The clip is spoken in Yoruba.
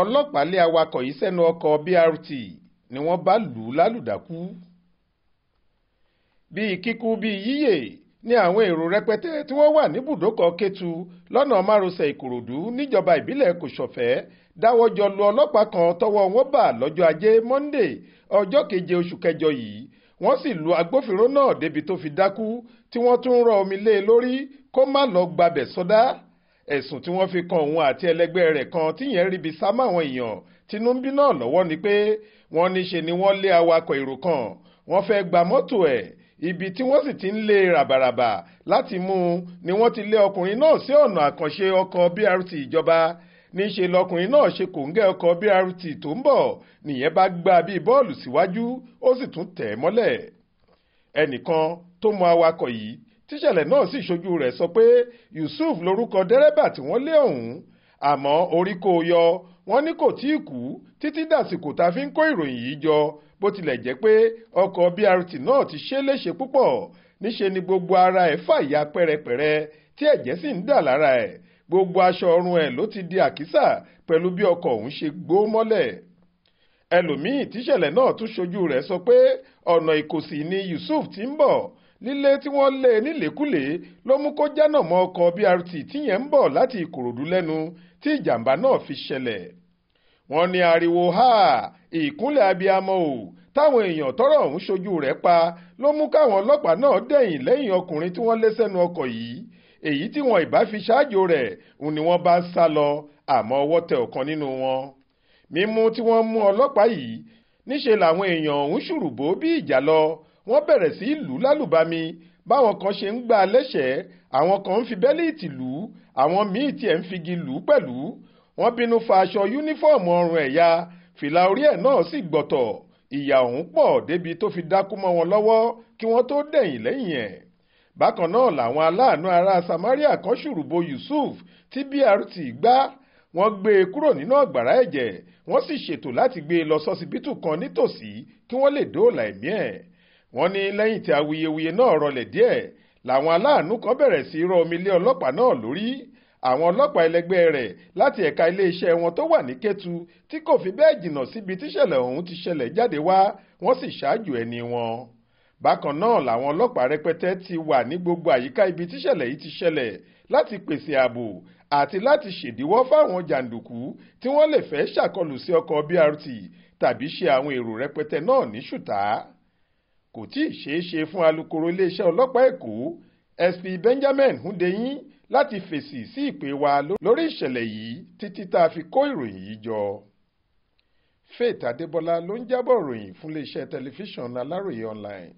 ọlọ́pàá lé awakọ̀ yìí sẹ́nu ọkọ̀ BRT ni wọ́n bá lù ú lálùdákú bíi kíkú bíi yíyè ní àwọn èrò rẹpẹtẹ tí wọ́n wà níbùdókọ̀ Kétu lọ́nà márosẹ̀ Ìkòròdú níjọba ìbílẹ̀ Kòsọ̀fẹ́ dáwọ́ jọ lu ọlọ́pàá kan tọ́wọ́ wọn bá lọ́jọ́ ajé Monday ọjọ́ keje oṣù kẹjọ yìí wọ́n sì lu agbófinró náà débi tó fi dákú tí wọ́n tún rọ omi lé e lórí kó má lọ gbabẹ̀ sọdá. So ẹ̀sùn tí wọ́n fi kan òun àti ẹlẹgbẹ́ rẹ̀ kan tíyẹn ríbi sá máwọn èèyàn tínú ń bí náà lọ́wọ́ ni pé wọ́n níṣe ni wọ́n lé awakọ̀ èrò kan wọ́n fẹ́ gba mọ́tò ẹ̀ ibi tí wọ́n sì ti ń lé ràbàràbà láti mú un ni wọ́n ti lé ọkùnrin náà sí ọ̀nà àkànṣe ọkọ̀ BRT ìjọba níṣe lọkùnrin náà ṣe kòńgẹ́ ọkọ̀ BRT tó ń bọ̀ nìyẹn bá gbá bíi bọ́ọ̀lù síwájú ó sì tún tẹ̀ mọ́lẹ̀ ẹnìkan tó mọ awakọ̀ yìí tíṣẹ̀lẹ̀ náà sì ṣojú rẹ̀ sọ pé Yusuf lorúkọ dẹ́rẹ́bà tí wọ́n lé ọ̀hún àmọ́ orí kò yọ wọ́n ní kò tí ì kú títí dàsìkò tá a fi ń kó ìròyìn yìí jọ bó tilẹ̀ jẹ́ pé ọkọ̀ BRT náà ti ṣe léṣe púpọ̀ níṣe ni gbogbo ara ẹ̀ fàya pẹ́rẹpẹ̀rẹ tí ẹ̀jẹ̀ sì ń dà lára ẹ̀ gbogbo aṣọ ọrùn ẹ̀ ló ti di àkísà pẹ̀lú bí ọkọ̀ ọ̀hún ṣe gbó mọ́lẹ̀ ẹlòmíì tíṣẹ̀lẹ̀ náà tún ṣojú rẹ̀ sọ pé ọ̀nà ìkòsí ni Yusuf ti ń bọ̀ lílé tí wọ́n lé e nílékulè ló mú kó jánà mọ́ ọkọ̀ BRT tíyẹn ń bọ̀ láti Ìkòròdú lẹ́nu tí ìjàmbá náà fi ṣẹlẹ̀ wọ́n ní ariwo ha ìkúnlẹ̀ abiyamọ o táwọn èèyàn tọ́rọ̀ ọ̀hún ṣojú rẹ̀ pa ló mú káwọn ọlọ́pàá náà dẹ̀yìn lẹ́yìn ọkùnrin tí wọ́n lé sẹ́nu ọkọ̀ yìí èyí tí wọn ìbá fi ṣáájú rẹ̀ ń ni wọ́n bá ń sá lọ àmọ́ ọwọ́ tẹ ọ̀kan nínú wọn mímú tí wọ́n mú ọlọ́pàá yìí níṣe làwọn èèyàn ọ̀hún ṣùrùbó bí ìjà lọ wọ́n bẹ̀rẹ̀ sí lù ú lálùbami báwọn kan ṣe ń gbá lẹ́sẹ̀ẹ́ àwọn kan ń fi bẹ́líìtì lù ú àwọn míì tiẹ̀ ń figi lù ú pẹ̀lú wọ́n bínú fa aṣọ yúnífọ́ọ̀mù ọrùn ẹ̀ ya fìlà orí ẹ̀ náà sì gbọ̀tọ̀ ìyà ọ̀hún pọ̀ débi tó fi dákú mọ́ wọn lọ́wọ́ kí wọ́n tó dẹ̀yìn lẹ́yìn ẹ̀ bákan náà làwọn aláàánú ará Samaria kan ṣùrùbò Yusuf tí BRT gbá wọ́n gbé e kúrò nínú ọ̀gbàrá ẹ̀jẹ̀ wọ́n sì ṣètò láti gbé e lọ sọsibítù kan nítòsí kí wọ́n lè dóòlà ẹ̀mí ẹ̀ wọ́n ní lẹ́yìn tí awuyewuye náà rọlẹ̀ díẹ̀ làwọn aláàánú kan bẹ̀rẹ̀ sí rọ omi lé ọlọ́pàá náà lórí àwọn ọlọ́pàá ẹlẹgbẹ́ rẹ̀ láti ẹ̀ka iléeṣẹ́ wọn tó wà ní Kétu tí kò fi bẹ́ẹ̀ jìnnà síbi tíṣẹ̀lẹ̀ ọ̀hún ti ṣẹlẹ̀ jáde wá wọ́n sì ṣáájú ẹni wọn. bákan náà làwọn ọlọ́pàá rẹpẹtẹ ti wà ní gbogbo àyíká ibi tíṣẹ̀lẹ̀ yìí ti ṣẹlẹ̀ láti pèsè ààbò àti láti ṣèdíwọ́ fáwọn jàǹdùkú tí wọ́n lè fẹ́ ṣàkọlù sí ọkọ̀ BRT tàbí ṣe àwọn èrò rẹpẹtẹ náà ní ṣùtá kò tí ì ṣeé ṣe fún alukoro iléeṣẹ́ ọlọ́pàá èkó sp benjamin hundeyin láti fèsì sí ìpè wa lórí ìṣẹ̀lẹ̀ yìí títí tá a fi kó ìròyìn yìí jọ. faith adébọlá ló ń jábọ̀ ròyìn fún iléeṣẹ́ tẹlifíṣàn aláròye online.